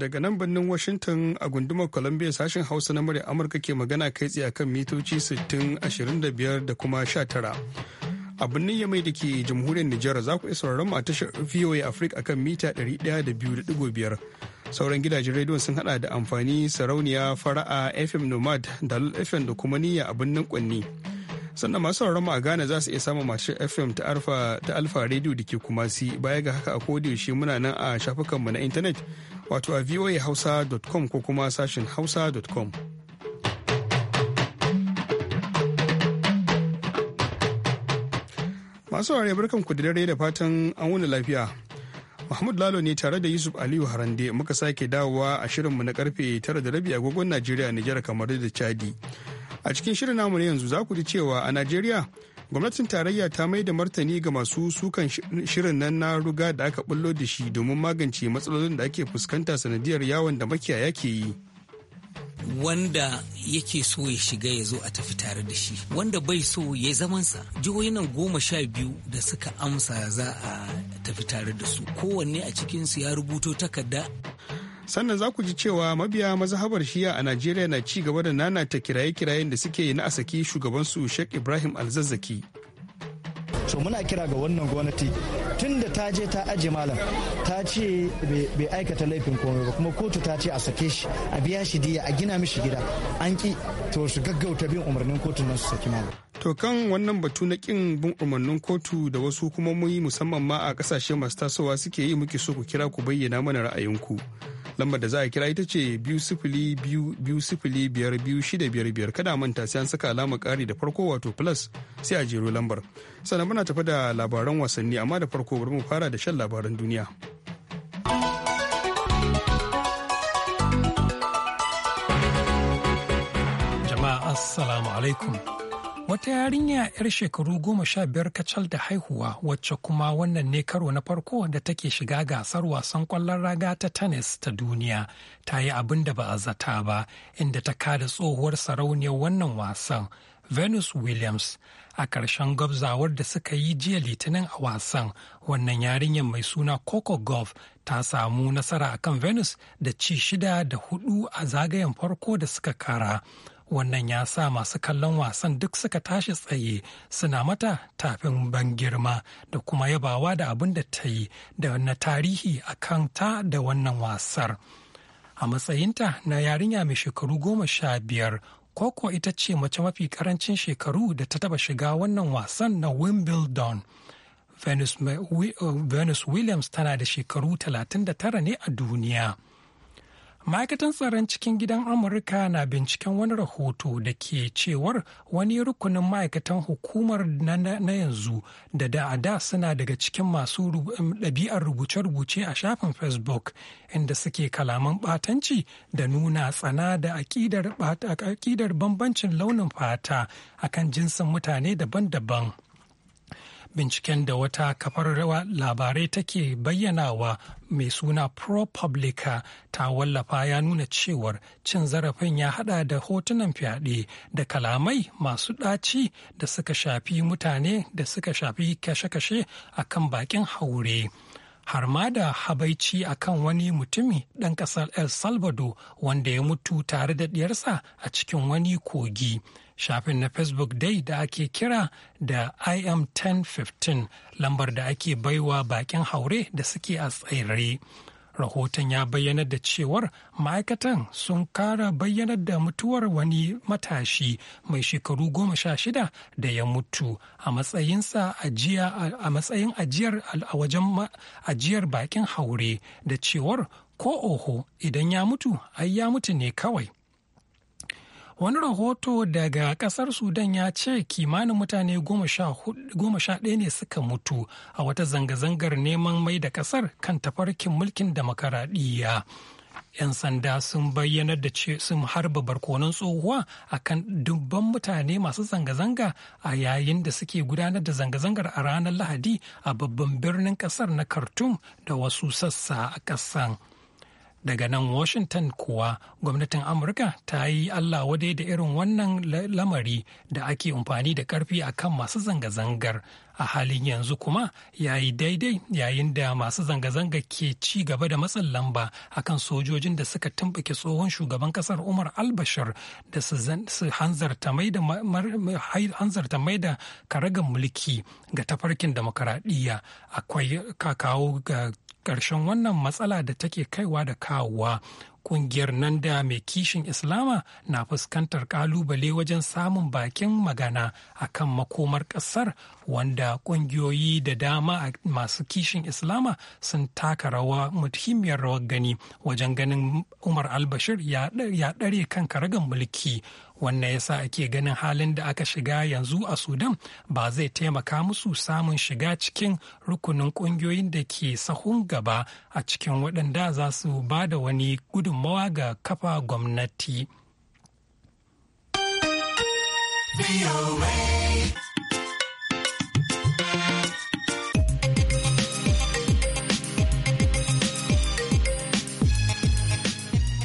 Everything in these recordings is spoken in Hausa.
daga nan birnin Washington a gundumar Columbia sashen Hausa na murya Amurka ke magana kai tsaye kan mitoci 6025 da kuma 19. A birnin Yamai da ke jamhuriyar Nijar za ku isa mu a tashar VOA Africa akan mita 102.5. Sauran gidajen rediyon sun hada da amfani sarauniya fara'a FM Nomad da FM da kuma niyya a birnin Kwanni. sannan masu sauraron mu a Ghana za su iya samun mashi FM ta Alfa ta Alfa Radio da ke Kumasi baya ga haka a yaushe muna nan a mu na intanet wato a voahausa.com ko kuma sashin hausa.com. Masu ware barkan ku da dare da fatan an wuni lafiya. Mahmud Lalo ne tare da Yusuf Aliyu Harande muka sake dawowa a shirinmu na karfe 9 da rabi agogon Najeriya Nijar kamar da Chadi. a cikin shirin namu na yanzu zaku ji cewa a najeriya gwamnatin tarayya ta mai da martani ga masu sukan shirin nan na ruga da aka bullo da shi domin magance matsalolin da ake fuskanta sanadiyar yawon da makiyaya ke yi wanda yake so ya shiga ya zo a tafi tare da shi wanda bai so ya zamansa jihohin nan goma sha biyu da suka amsa za a tafi tare da su kowanne a cikinsu ya rubuto takarda sannan za ku ji cewa mabiya mazhabar shiya a najeriya na ci gaba da nanata kiraye-kirayen da suke yi na asaki shugabansu sheikh ibrahim alzazzaki so muna kira ga wannan gwamnati tun da ta je ta aje malam ta ce bai aikata laifin komai ba kuma kotu ta ce a sake shi a biya shi diya a gina mishi gida an ki to su gaggauta bin umarnin kotu nan su saki malam to kan wannan batu na kin bin umarnin kotu da wasu kuma hukumomi musamman ma a kasashe masu tasowa suke yi muke so ku kira ku bayyana mana ra'ayinku lambar da za a kira ita ce biyu sifili biyu biyu sifili biyar biyu shida biyar biyar kada manta sai an saka alama kari da farko wato plus sai a jero lambar sannan muna tafi da labaran wasanni amma da farko bari mu fara da shan labaran duniya. jama'a assalamu alaikum wata yarinya 'yar shekaru goma sha biyar kacal da haihuwa wacce kuma wannan ne karo na farko da take shiga gasar wasan kwallon raga ta tennis ta duniya ta yi abin da ba a zata ba inda ta kada tsohuwar sarauniyar wannan wasan venus williams a ƙarshen gwabzawar da suka yi jiya litinin a wasan wannan yarinyar mai suna coco golf ta samu nasara akan venus da ci shida da hudu a zagayen farko da suka kara wannan ya sa masu kallon wasan duk suka tashi tsaye suna mata tafin ban girma da kuma yabawa da abin da ta yi da na tarihi a kan ta da wannan wasar a matsayinta na yarinya mai shekaru goma sha biyar koko ita ce mace mafi karancin shekaru da ta taba shiga wannan wasan na wimbledon venus, venus williams tana da shekaru 39 ne a duniya ma'aikatan tsaron cikin gidan amurka na binciken wani rahoto da ke cewar wani rukunin ma'aikatan hukumar na yanzu da da a da suna daga cikin masu um, ɗabi'ar rubuce-rubuce a shafin facebook inda suke kalaman ɓatanci da nuna tsana da aƙidar bambancin launin fata akan jinsin mutane daban-daban. binciken da wata kafar labarai take bayyanawa mai suna ProPublica ta wallafa ya nuna cewar cin zarafin ya hada da hotunan fyaɗe da kalamai masu ɗaci da suka shafi mutane da suka shafi kashe-kashe a kan bakin haure. har ma da habaici a kan wani mutumi ɗan ƙasar El Salvador wanda ya mutu tare da ɗiyarsa a cikin wani kogi. Shafin na Facebook dai da ake kira da IM 1015 lambar da ake baiwa baƙin haure da suke a tsirrai. rahoton ya bayyana da cewar ma'aikatan sun kara bayyanar da mutuwar wani matashi mai shekaru goma sha shida da ya mutu a matsayinsa a matsayin ajiyar a wajen ajiyar bakin haure da cewar ko oho idan ya mutu ai ya mutu ne kawai wani rahoto daga kasar sudan ya ce kimanin mutane goma sha ɗaya ne suka mutu a wata zanga-zangar neman mai da kasar kan tafarkin mulkin demokaradiyya 'yan sanda sun bayyanar da ce sun harba barkonon tsohuwa a kan dubban mutane masu zanga-zanga a yayin da suke gudanar da zanga-zangar a ranar lahadi a babban birnin kasar na khartoum da wasu sassa a kasan daga nan washington kuwa gwamnatin amurka ta yi allah wadai da irin wannan lamari da ake amfani da karfi a kan masu zanga-zangar a halin yanzu kuma yayi daidai yayin da masu zanga-zanga ke ci gaba da matsin lamba akan sojojin da suka tumbuke tsohon shugaban kasar umar albashir da su hanzarta mai da karagan mulki ga tafarkin demokaradiyya akwai kakawo ga ƙarshen wannan matsala da take kaiwa da kawowa kungiyar nan da mai kishin islama na fuskantar kalubale wajen samun bakin magana a kan makomar kasar wanda kungiyoyi da dama a masu kishin islama sun taka rawa muhimmiyar rawar gani wajen ganin umar albashir ya ɗare kan karagan mulki wannan yasa ake ganin halin da aka shiga yanzu a sudan ba zai taimaka musu samun shiga cikin rukunin kungiyoyin da ke sahun gaba a cikin waɗanda za su ba da wani gudu gudunmawa ga kafa gwamnati.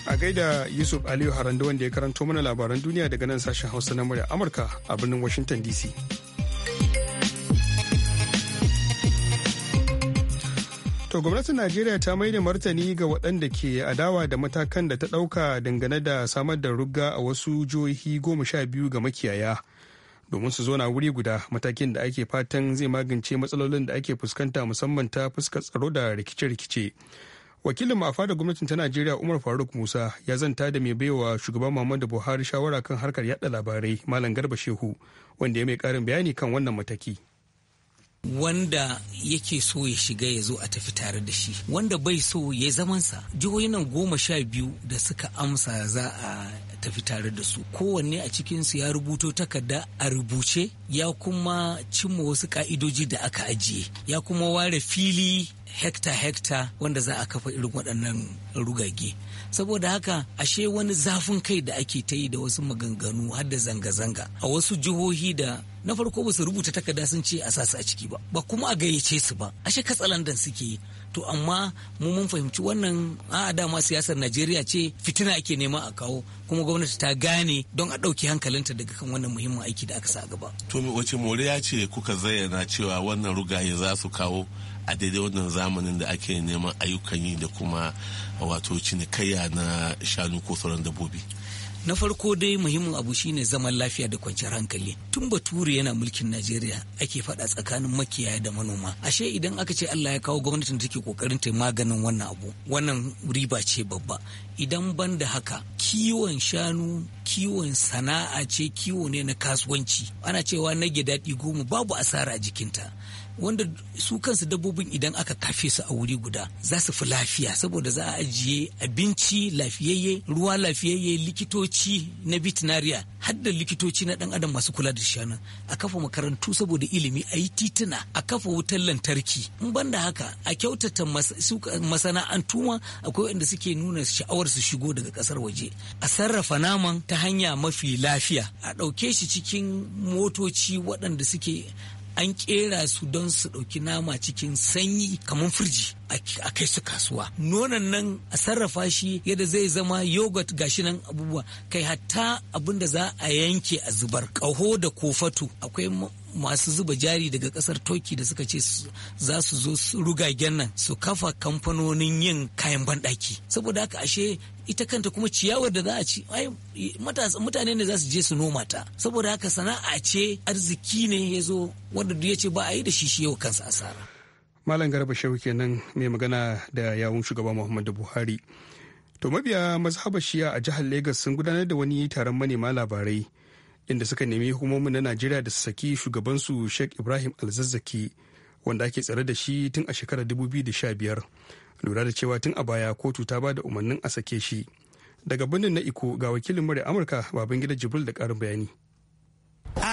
A gaida Yusuf Aliyu Haranda wanda ya karanto mana labaran duniya daga nan sashen Hausa na murya Amurka a birnin Washington DC. To gwamnatin Najeriya ta maida martani ga waɗanda ke adawa da matakan da ta ɗauka dangane da samar da rugga a wasu jihohi goma sha biyu ga makiyaya. Domin su zo na wuri guda matakin da ake fatan zai magance matsalolin da ake fuskanta musamman ta fuskar tsaro da rikice-rikice. Wakilin mafa da gwamnatin ta Najeriya Umar Faruk Musa ya zanta da mai baiwa shugaban Muhammadu Buhari shawara kan harkar yada labarai Malam Garba Shehu wanda ya mai karin bayani kan wannan mataki. wanda yake so ya shiga ya zo a tafi tare da shi wanda bai so ya zamansa jihohin nan goma sha biyu da suka amsa za a tafi tare da su kowanne a cikinsu ya rubuto takarda a rubuce ya kuma cimma wasu ka'idoji da aka ajiye ya kuma ware fili hekta-hekta wanda za a kafa irin waɗannan rugage saboda haka ashe wani zafin kai da ake ta yi da wasu maganganu har da zanga-zanga a wasu jihohi da na farko ba su rubuta takarda sun ce a sasu a ciki ba ba kuma a gayyace su ba ashe katsalandan suke yi to amma mu mun fahimci wannan a dama siyasar najeriya ce fitina ake nema a kawo kuma gwamnati ta gane don a ɗauki hankalinta daga kan wannan muhimmin aiki da aka sa gaba to wace moriya ce kuka zayyana cewa wannan rugaye za su kawo a daidai wannan zamanin da ake neman ayyukan yi da kuma wato cinikayya na shanu ko sauran dabbobi na farko dai muhimmin abu shine zaman lafiya da kwanciyar hankali tun bature yana mulkin najeriya ake faɗa tsakanin makiyaya da manoma ashe idan aka ce allah ya kawo gwamnatin take kokarin ta maganin wannan abu wannan riba ce babba idan ban da haka kiwon shanu kiwon sana'a ce kiwo ne na kasuwanci ana cewa na daɗi goma babu asara a jikinta wanda su kansu dabbobin idan aka kafe su a wuri guda za su fi lafiya saboda za a ajiye abinci lafiyayye ruwa lafiyayye likitoci na bitinariya har likitoci na dan adam masu kula da shanu a kafa makarantu saboda ilimi a yi tituna a kafa wutar lantarki in banda haka a kyautata masana'antu ma akwai wanda suke nuna sha'awar su shigo daga kasar waje a sarrafa naman ta hanya mafi lafiya a ɗauke shi cikin motoci waɗanda suke an kera su don su ɗauki nama cikin sanyi kamar firji a kai su kasuwa nonon nan a sarrafa shi yadda zai zama yogurt gashi nan abubuwa kai hatta abin da za a yanke a zubar ƙaho da kofato akwai masu zuba jari daga kasar toki da suka ce za su zo rugagen nan su kafa kamfanonin yin kayan banɗaki saboda haka ashe ita kanta kuma ciyawar da za a ci mutane ne za su je su noma ta saboda haka sana'a ce arziki ne ya zo wanda duk ya ce ba a yi da shi shi yau kansa asara malam garba shehu kenan mai magana da yawun shugaba muhammadu buhari to mabiya mazhabar shiya a jihar Legas sun gudanar da wani taron manema labarai inda suka nemi hukumomin na najeriya da su saki shugabansu sheikh ibrahim alzazzaki wanda ake tsare da shi tun a shekarar 2015 lura da cewa tun a baya kotu ta ba da umarnin a sake shi daga birnin na iko ga wakilin murya amurka babangida jibril da karin bayani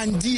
ń di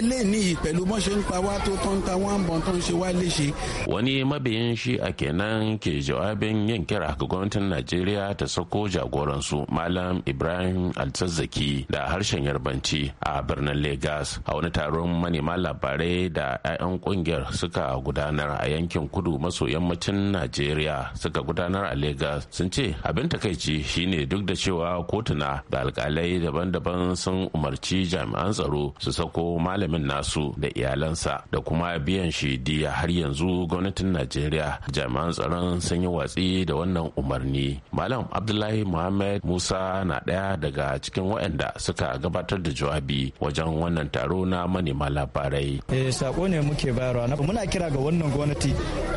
eléyìí pẹ̀lú ṣe ń pa wá tó tán ta wọ́n ń bọ̀ ṣe wá léṣe. wani mabiyin shi a kenan ke jawabin yin kira ga gwamnatin najeriya ta sako jagoransu malam ibrahim alzazzaki da harshen yarbanci a birnin lagos a wani taron manema labarai da 'ya'yan kungiyar suka gudanar a yankin kudu maso yammacin najeriya suka gudanar a lagos sun ce abin takaici shine duk da cewa kotuna da alkalai daban-daban sun umarci jami'an tsaro su su sako malamin nasu da iyalansa da kuma biyan shi diya har yanzu gwamnatin najeriya jami'an tsaron sun yi watsi da wannan umarni malam abdullahi muhammad musa na daya daga cikin waɗanda suka gabatar da jawabi wajen wannan taro na manema labarai eh sako ne muke bayarwa muna kira ga wannan gwamnati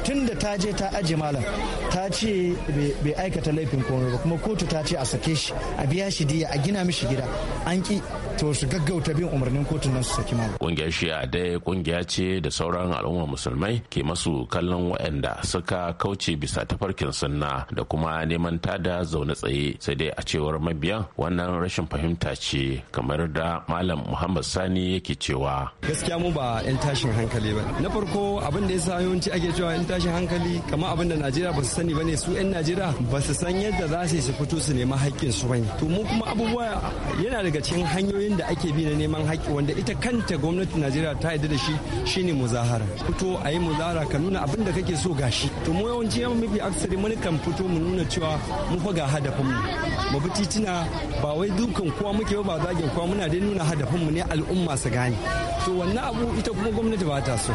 tun da ta je ta aje malam ta ce bai aikata laifin komai ba kuma kotu ta ce a sake shi a biya shi diya a gina mishi gida an ki to su gaggauta bin umarnin kotu kotun su saki mawa. Kungiyar Shia dai kungiya ce da sauran al'ummar musulmai ke masu kallon waɗanda suka kauce bisa tafarkin sunna da kuma neman tada zaune tsaye sai dai a cewar mabiyan wannan rashin fahimta ce kamar da Malam Muhammad Sani yake cewa. Gaskiya mu ba 'yan tashin hankali ba. Na farko abin da ya sa yawanci ake cewa 'yan tashin hankali kamar abin da Najeriya ba su sani ba su 'yan Najeriya ba su san yadda za su su fito su nema haƙƙin su bane. To mu kuma abubuwa yana daga cikin hanyoyin da ake bi na neman haƙƙi wanda da ita kanta gwamnatin najeriya ta yarda da shi shine muzahara fito a yi muzahara ka nuna abin da kake so gashi to mu yawanci yamma mafi aksari mun kan fito mu nuna cewa mu fa ga hadafin mu mu bi titina ba wai dukan kowa muke ba zagin kowa muna dai nuna hadafin mu ne al'umma su gane to wannan abu ita kuma gwamnati ba ta so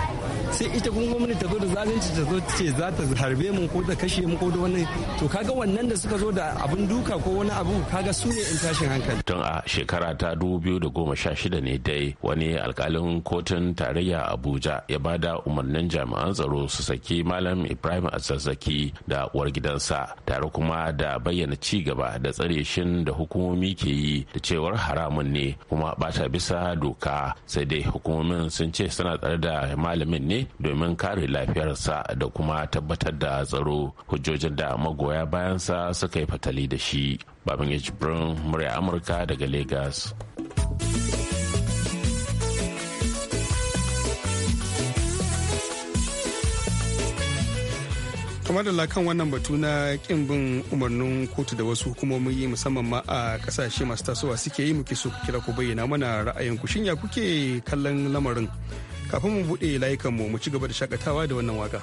sai ita kuma gwamnati ta zo da zalunci ta zo ta ce za ta harbe mu ko ta kashe mu ko da wani to kaga wannan da suka zo da abin duka ko wani abu kaga su ne in tashin hankali tun a shekara ta 2016 ne dai yi wani alkalin kotun tarayya abuja ya bada umarnin jami'an tsaro su saki malam ibrahim azazzaki da uwar gidansa tare kuma da bayyana ci gaba da tsare shin da hukumomi ke yi da cewar haramun ne kuma bata bisa doka sai dai hukumomin sun ce suna tsare da malamin ne domin kare lafiyarsa da kuma tabbatar da tsaro hujjojin da magoya bayansa suka yi fatali da shi babin jibrin murya amurka daga lagos kamar da lakan wannan batu na kin bin umarnin kotu da wasu hukumomi musamman ma a kasashe masu tasowa suke yi muke so kira ku bayyana mana ra'ayinku shin ya kuke kallon lamarin kafin mu buɗe mu mu ci gaba da shakatawa da wannan waka.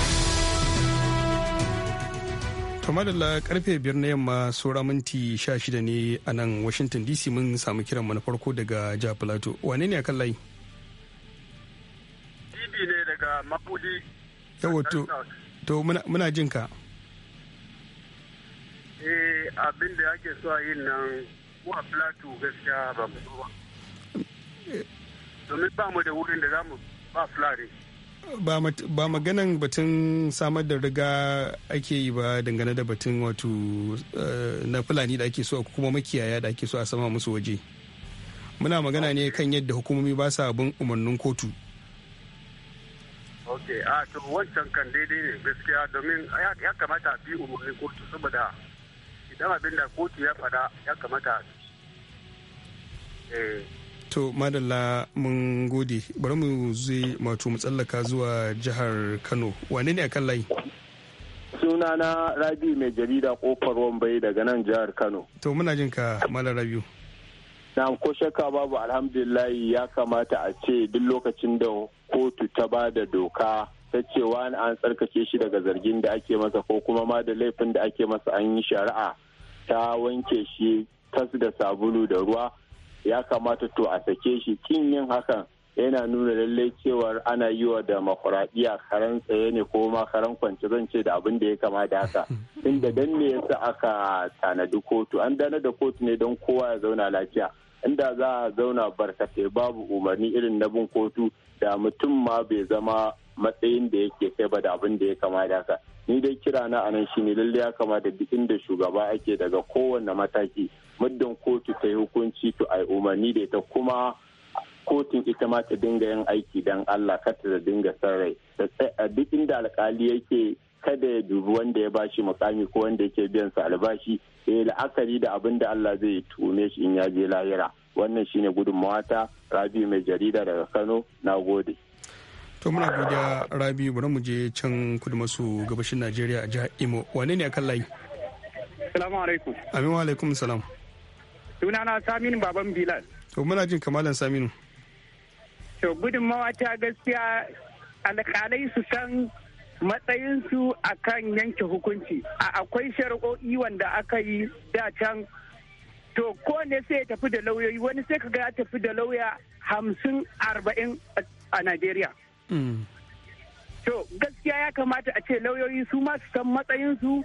tumadala karfe biyar na yamma saura minti sha shida ne a nan washington dc mun samu kiran na farko daga jihar plateau wane ne a kan layi bibi ne daga mabudi yawa to to muna jin ka eh abin da ake so a yin nan wa plateau gaskiya ba mu ba eh. domin ba mu da wurin da za mu ba flare ba maganan batun samar da riga ake yi ba dangane da batun wato eh, na fulani da ake so kuma makiyaya da ake so a sama musu waje muna magana ne kan yadda hukumomi ba sa bin umarnin kotu ok a to wancan kan daidai ne gaskiya domin ya kamata bi umarnin kotu saboda idan abin da kotu ya fada ya kamata eh to madalla mun gode bari mu zai mato mu tsallaka zuwa jihar kano wane ne a kan layi sunana rabi mai jarida kofar wambai daga nan jihar kano to muna jin ka malam rabiu na ko shakka babu alhamdulillahi ya kamata a ce duk lokacin da kotu ta ba da doka ta cewa wani an tsarkake shi daga zargin da ake masa ko kuma ma da laifin da ake masa an yi shari'a ta wanke shi tas da sabulu da ruwa ya kamata to a sake shi kin yin hakan yana nuna lallai cewar ana yi wa demokuraɗiyya karan tsaye ne ko ma karan kwanci zan ce da abin da ya kama da haka inda dan ne yasa aka tanadi kotu an dana da kotu ne don kowa ya zauna lafiya inda za a zauna barkatai babu umarni irin na bin kotu da mutum ma bai zama matsayin da yake kai ba da abin da ya kama da haka ni dai kira na anan ne lallai ya kama da duk inda shugaba ake daga kowanne mataki muddin kotu ta yi hukunci to a umarni da ita kuma kotun ita ma ta dinga yin aiki don Allah kata da dinga sarrai a duk inda alkali yake kada ya dubi wanda ya bashi mukami ko wanda yake biyan sa albashi yi la'akari da abin da Allah zai tume shi in ya je lahira wannan shine gudunmawa ta Rabi mai jarida daga Kano na gode to muna godiya Rabi bari mu je can kudu maso gabashin Najeriya a jihar Imo wane ne akan layi Salamu alaikum Amin wa alaikum salam sunana saminu baban bilal to muna jin kamalan saminu to gudunmawa ta gaskiya alkalai su san matsayinsu a kan yanke hukunci a akwai shari'o'i wanda aka yi da can to kowane sai ya tafi da lauyoyi wani sai kaga ya tafi da lauya hamsin arba'in a najeriya hmm. to gaskiya ya kamata a ce lauyoyi su ma su san matsayinsu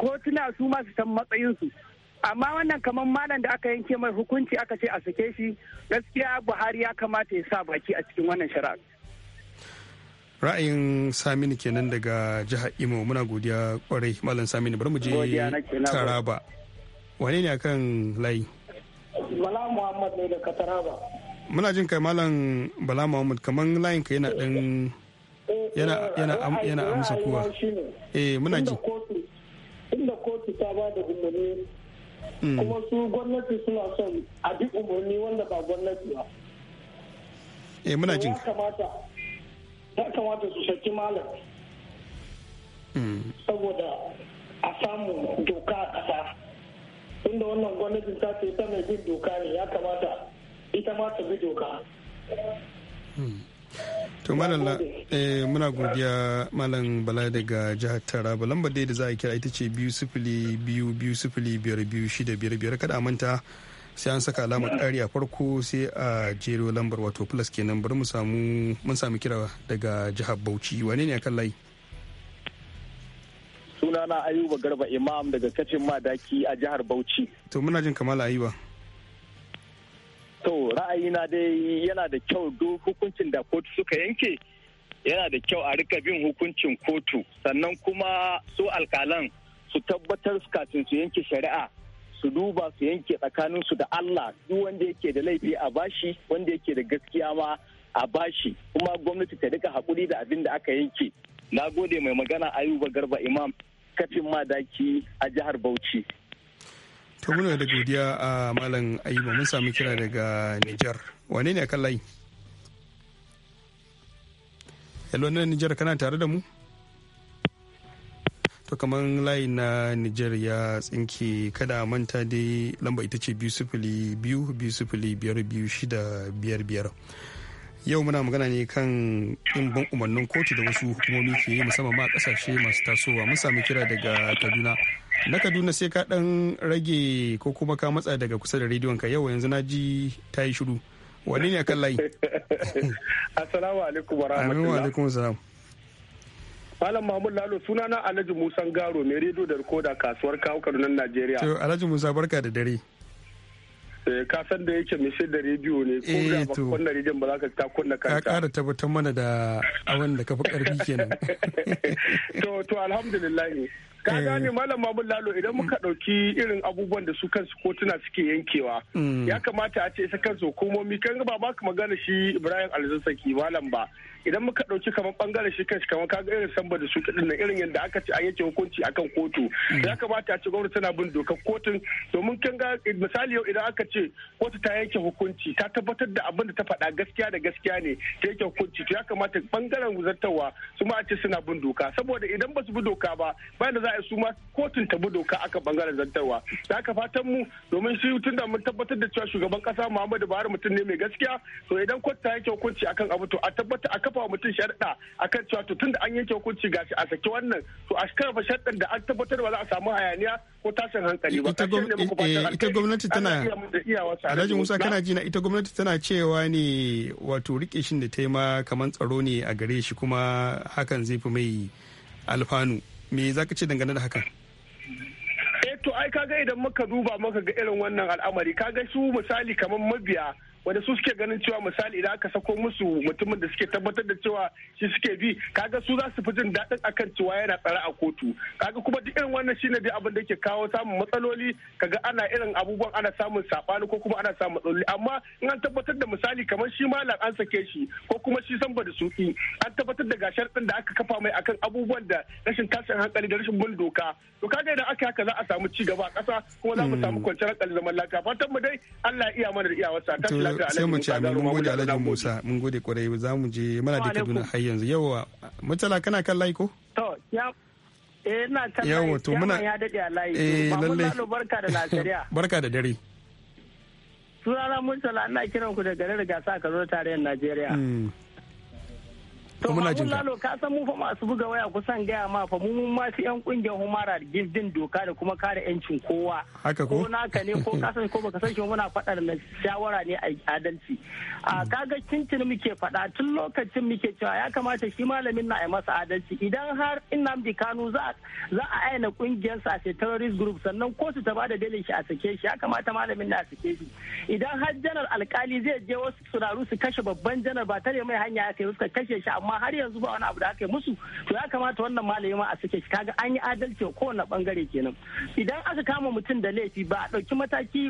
kotuna su ma su san matsayinsu amma wannan kamar malam da aka yanke mai hukunci aka ce a sake shi gaskiya buhari ya kamata ya sa baki a cikin wannan shari'a ra'ayin samini kenan daga jihar imo muna godiya kwarai malam samini bari mu je taraba wane ne akan layi bala muhammad ne daga taraba muna jin kai malam bala muhammad kaman layin ka yana dan yana yana yana amsa kuwa eh, eh, eh muna ji inda kotu ta ba da umarni Mm. kuma su gwamnati suna son a bi umarni wanda ba gwamnati ba eh muna jin kamata ya kamata su shaki malam mm. saboda a samu doka a ƙasa inda wannan gwamnatin ta ce ta mai bin doka ne ya kamata ita ma ta bi doka mm. to malalla eh, muna godiya malam bala daga jihar taraba lambar dai da za a kira ita ce biyu sifili biyu biyu sifili biyar biyu shida biyar biyar kada manta sai an saka alamar k'ari a farko sai a jero lambar wato plus kenan bari mu samu mun samu kira daga jihar bauchi wane ne akan layi sunana ayuba garba imam daga kacin madaki a jihar bauchi to muna jin kamala ayuba To ra'ayina dai yana da kyau duk hukuncin da kotu suka yanke yana da kyau a rika bin hukuncin kotu sannan kuma su alkalan su tabbatar kafin su yanke shari'a su duba su yanke tsakaninsu da Allah duk wanda yake da laifi a bashi wanda yake da gaskiya ma a bashi kuma gwamnati ta rika haƙuri da abin da aka yanke. Na gode mai magana Ayuba Garba Imam kafin madaki a jihar Bauchi. ta muna da godiya a malam ayuba mun sami kira daga nijar wane ne kan layi hello na nijar kana tare da mu to kamar layi na nijar ya tsinke kada manta dai lamba ita ce biyu sifili biyu biyu sifili biyar biyu shida biyar biyar yau muna magana ne kan ɗimbin umarnin kotu da wasu hukumomi ke yi musamman ma kasashe masu tasowa mun samu kira daga kaduna na kaduna sai ka dan rage ko kuma ka matsa daga kusa da rediyon ka yau yanzu na ji ta yi shiru wani ne kan layi assalamu alaikum wa rahmatullahi wa alaikum salam malam mahmud lalo suna na alhaji musan garo mai rediyo da rikoda kasuwar kawo kaduna najeriya to alhaji musa barka da dare eh, ka san da yake mai da rediyo ne ko eh, da ba kunna rediyon ba za ka ta kunna kanta ka ƙara tabbatar mana da abin da ka fi ƙarfi kenan to to alhamdulillah ka eh. gane malam mamun lalo idan muka dauki irin abubuwan da su kansu kotuna suke yankewa mm. ya kamata a ce isa kansu hukumomi kan ba ba ka magana shi ibrahim alzasaki malam ba idan muka ɗauki kamar bangaren shi kanshi kamar kaga irin samba da su kiɗin irin yadda aka ce a yanke hukunci akan kotu mm. ya kamata a ce gwamnati tana bin dokar kotun domin kin ga misali yau idan aka ce kotu ta yake hukunci ta tabbatar da abin da ta faɗa gaskiya da gaskiya ne ta yanke hukunci to ya kamata bangaren zartarwa su ma a ce suna bin doka saboda idan ba su bi doka ba bayan da za a yi su ma kotun ta bi doka aka bangaren zartarwa da aka fatan mu domin shi tun da mun tabbatar da cewa shugaban kasa Muhammadu Buhari mutum ne mai gaskiya to idan kotu ta yanke hukunci akan abu to a tabbata a kafa wa mutum a akan cewa tun tunda an yanke hukunci ga shi a saki wannan to a karfa sharaɗin da an tabbatar ba za a samu hayaniya ko tashin hankali ba ita eh, gwamnati tana alhaji musa kana jina ita gwamnati tana cewa ne wato rike shin da ta yi ma kamar tsaro ne a gare shi kuma hakan zai fi mai alfanu me za ka ce dangane da hakan eh to ai kaga idan muka duba muka ga irin wannan al'amari kaga su misali kamar mabiya wanda su suke ganin cewa misali idan aka sako musu mutumin da suke tabbatar da cewa shi suke bi kaga su za su fi jin daɗin akan cewa yana tsara a kotu kaga kuma duk irin wannan shine dai abin da ke kawo samun matsaloli kaga ana irin abubuwan ana samun sabani ko kuma ana samun matsaloli amma in an tabbatar da misali kamar shi malam an sake shi ko kuma shi ba da suki an tabbatar da gashar din da aka kafa mai akan abubuwan da rashin tashin hankali da rashin bin doka to kaga idan aka haka za a samu ci gaba a ƙasa kuma za mu hmm. samu kwanciyar hankali zaman lafiya fatan mu dai Allah ya iya mana da iyawarsa sai mu ci a mun gode alhaji musa mun gode kwarai za mu je mana da kaduna har yanzu yawa mutala kana kan layi ko to ya eh na kan layi to muna ya dade a layi eh lalle barka da lafiya barka da dare sunana mutala ina kiran ku da garin rigasa Kano tarayyar Najeriya mm. kuma muna jinka. lalo ka san mu fa masu buga waya kusan gaya ma fa mu mun ma fi yan kungiyar humara da gildin doka da kuma kare yancin kowa haka ko naka ne ko ka san ko baka san shi muna faɗar na shawara ne a adalci a hmm. kaga cincin muke faɗa tun lokacin muke cewa ya kamata shi malamin na a masa adalci idan har Nnamdi Kanu za za a aina kungiyar sa ce terrorist group sannan ko su ta bada dalin shi a sake shi ya kamata malamin na a sake shi idan har janar alkali zai je wasu suraru su kashe babban janar ba tare mai hanya ya kai wasu kashe shi amma amma har yanzu ba wani abu da aka yi musu to ya kamata wannan malami ma a sake shi kaga an yi adalci kowane bangare kenan idan aka kama mutum da laifi ba a dauki mataki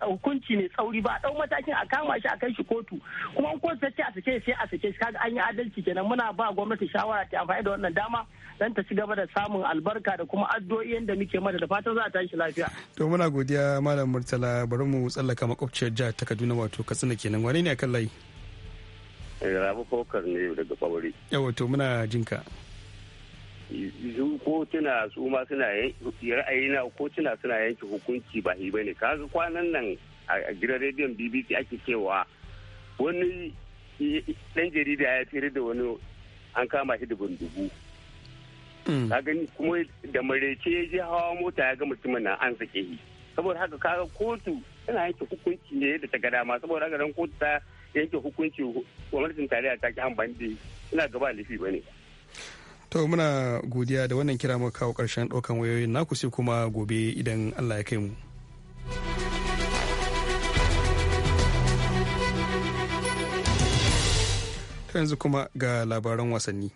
hukunci ne tsauri ba a dau matakin a kama shi a kai shi kotu kuma an kotu a sake sai a sake shi kaga an yi adalci kenan muna ba gwamnati shawara ta amfani da wannan dama dan ta ci gaba da samun albarka da kuma addu'o'i da muke mata da fatan za a tashi lafiya to muna godiya malam murtala bari mu tsallaka makwabciyar jihar ta kaduna wato katsina kenan wane ne akan layi rabu eh, kokar ne daga kwauri yawa muna jinka kotuna su ma suna ra'ayina kotuna suna yanke hukunci ba hi bane kaga kwanan nan a gidan rediyon bbc ake cewa wani dan jarida ya tsere da wani an kama shi da bindigu mm. ka gani kuma da marece ya je hawa mota ya ga mutumin nan an sake shi saboda haka kaga kotu tana yanke hukunci ne da ta ga dama saboda haka dan kotu ta yake hukunci gwamnatin tarayya ta ki amfani da ina gaba laifi ba ne. To muna godiya da wannan kira muka kawo ƙarshen ɗaukan wayoyin naku sai kuma gobe idan Allah ya kai mu. Ta yanzu kuma ga labaran wasanni.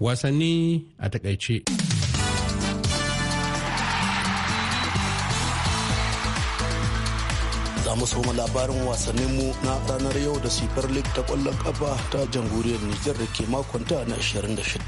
Wasanni a takaice. musu labarin mu na ranar yau da sifar league ta kwallon kafa ta jamhuriyar Nijar da ke makon ta na 26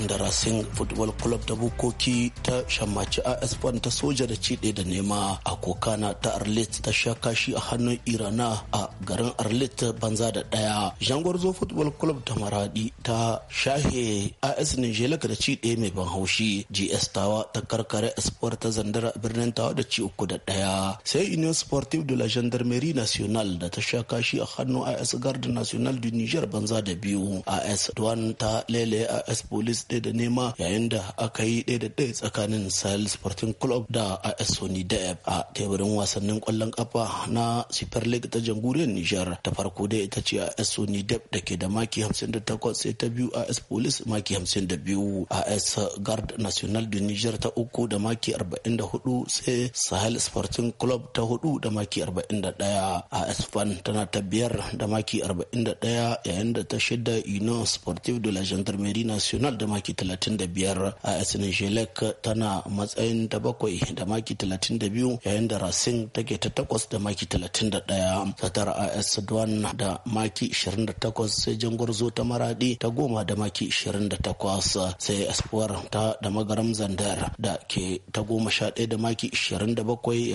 inda Racing Football Club ta Bukoki ta shammaci AS Fan ta soja da ci da nema a kokana ta Arlit ta sha kashi a hannun Irana a garin Arlit banza da daya. Jangwarzo Football Club ta Maradi ta shahe AS Nijelaka da ci ɗaya mai ban haushi GS Tawa ta karkare Sport ta Zandara birnin Tawa da ci uku da daya. Sai Union Sportive de la gendarmerie national da ta sha kashi a hannun is garda national du niger banza da biyu is duwan ta lele is police ɗaya da nema yayin da aka yi ɗaya da ɗaya tsakanin sahel sporting club da is sony deb a teburin wasannin kwallon kafa na super league ta jamhuriyar niger ta farko dai ita ce is sony deb da ke da maki 58 sai ta biyu is police maki 52 is guard national du niger ta uku da maki 44 sai sahel sporting club ta hudu da maki 41 a espan tana ta biyar da maki 41 yayin da ta shida union sportive de la gendarmerie nationale da maki 35 a sngelec tana matsayin ta bakwai da maki 32 yayin da racing take ta takwas da maki 31 satar as duan da maki 28 sai jangwarzo ta maradi ta goma da maki 28 sai espoir ta da magaram zandar da ke ta goma sha ɗaya da maki 27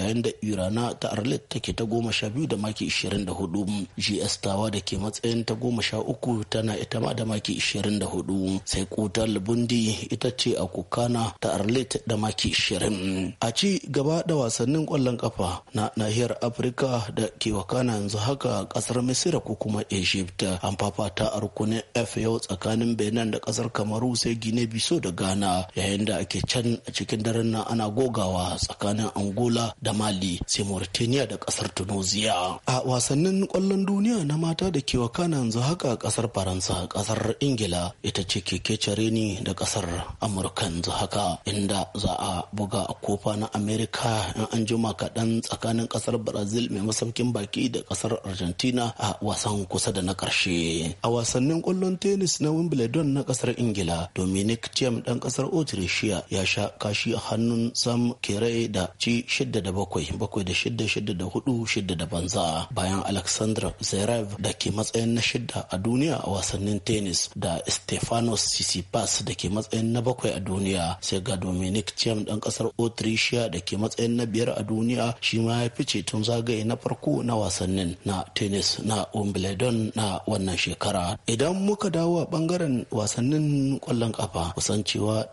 yayin da irana ta arlet take ta ta goma sha biyu da maki ishirin da hudu gs tawa da ke matsayin ta goma sha uku tana ita ma da maki ishirin da hudu sai kutar bundi ita ce a kukana ta arlit da maki ishirin a ci gaba da wasannin kwallon kafa na nahiyar afirka da ke wakana yanzu haka kasar misira ko kuma egypt an fafata a rukunin fao tsakanin benin da kasar kamaru sai gine biso da ghana yayin da ake can a cikin daren nan ana gogawa tsakanin angola da mali sai mauritania da kasar kasar tunisia a wasannin kwallon duniya na mata da ke wakana yanzu haka kasar faransa kasar ingila ita ce keke cereni da kasar amurka yanzu haka inda za a buga a kofa na amerika in an jima kaɗan tsakanin kasar brazil mai masaukin baki da kasar argentina a wasan kusa da na ƙarshe a wasannin kwallon tenis na wimbledon na kasar ingila dominic tiam dan kasar otirishiya ya sha kashi a hannun sam kere da ci shidda da bakwai bakwai da shidda shidda da hudu hudu shida da banza bayan Alexandra Zverev da ke matsayin na shidda a duniya a wasannin tennis da Stefanos Tsitsipas da ke matsayin na bakwai a duniya sai ga Dominic Thiem dan kasar Autricia da ke matsayin na biyar a duniya shi ma ya fice tun zagaye na farko na wasannin na tennis na Wimbledon na wannan shekara. Idan muka dawo a bangaren wasannin kwallon kafa kusan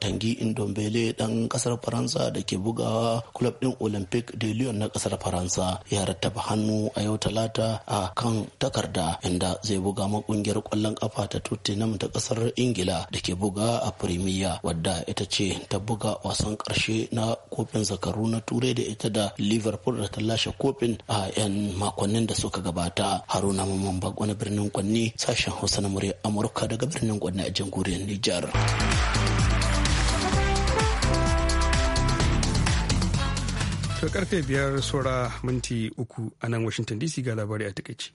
Tangi Indombele dan ƙasar Faransa da ke bugawa club din Olympic de Lyon na ƙasar Faransa ya rattaba hannu a yau talata a kan takarda inda zai buga ma kungiyar kwallon kafa ta tottenham ta kasar ingila da ke buga a firimiya wadda ita ce ta buga wasan karshe na kofin zakaru na turai da ita da liverpool da ta lashe kofin a 'yan makonnin da suka gabata haruna mamman na birnin kwanni sashen hausa na murya amurka daga birnin kwanni a jamhuriyar nijar To karfe biyar saura minti uku a nan Washington DC ga labari a takaici.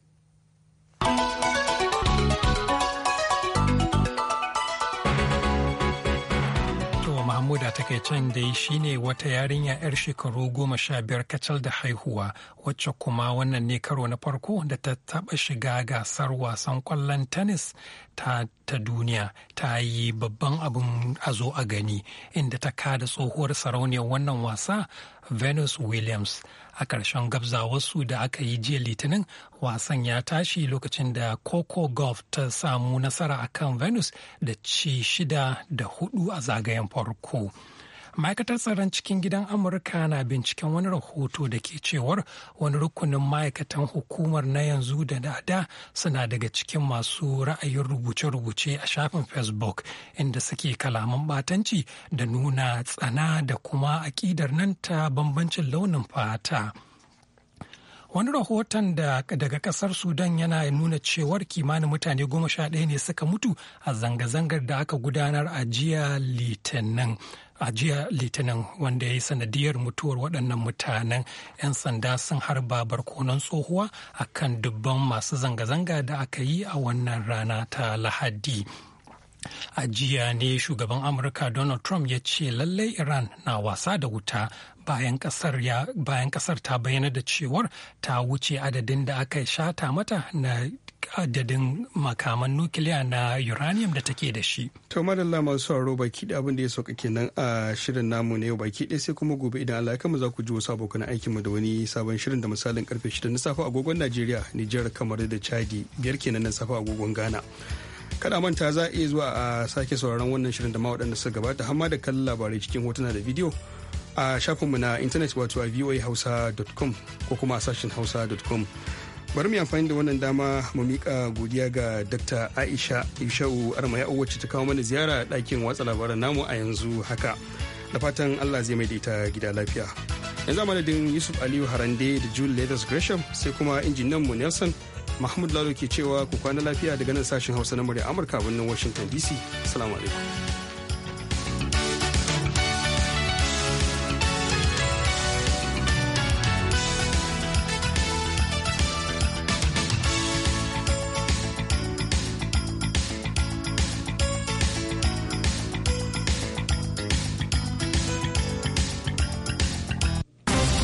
Mahmud a takaicen dai shine wata yarinya 'yar shekaru goma sha biyar kacal da haihuwa wacce kuma wannan ne karo na farko da ta taba shiga gasar wasan kwallon tennis ta, ta duniya ta yi babban abin azo a gani inda ta kada tsohuwar sarauniyar wannan wasa venus williams a ƙarshen gabza wasu da aka yi jiya litinin wasan ya tashi lokacin da coco golf ta samu nasara akan venus da ci shida da hudu a zagayen farko. ma'aikatar tsaron cikin gidan amurka na binciken wani rahoto da ke cewar wani rukunin ma'aikatan hukumar na yanzu da da suna daga cikin masu ra'ayin rubuce-rubuce a shafin facebook inda suke kalaman batanci da nuna tsana da kuma aƙidar nan ta bambancin launin fata. wani rahoton da daga kasar sudan yana nuna cewar kimanin mutane goma sha ɗaya ne suka mutu a zanga-zangar da aka gudanar a jiya litinin a jiya litinin wanda ya yi sanadiyar mutuwar waɗannan mutanen 'yan sanda sun harba barkonon tsohuwa a kan dubban masu zanga-zanga da aka yi a wannan rana ta lahadi a jiya ne shugaban amurka donald trump ya ce lallai iran na wasa da wuta bayan kasar ta bayyana da cewar ta wuce adadin da aka shata mata na adadin makaman nukiliya na uranium da take da shi. To madalla masu sauraro baki da abin da ya sauka kenan a shirin namu na yau baki ɗaya sai kuma gobe idan Allah ya za ku ji wasu abokan aikin mu da wani sabon shirin da misalin karfe 6 na safe agogon Najeriya, Nijar, kamar da Chadi biyar kenan na safe agogon Ghana. Kada manta za a iya zuwa a sake sauraron wannan shirin da ma waɗanda suka gabata amma da kallon labarai cikin hotuna da bidiyo a shafinmu na intanet wato a voahausa.com ko kuma a sashen hausa.com bari mu amfani da wannan dama mu mika godiya ga dr aisha ishau armaya wacce ta kawo mana ziyara ɗakin watsa labaran namu a yanzu haka da fatan allah zai mai ita gida lafiya yanzu madadin yusuf aliyu harande da jule leathers gresham sai kuma injinan mu nelson mahmud lalo ke cewa ku kwana lafiya daga nan sashen hausa na murya amurka birnin washington dc salamu alaikum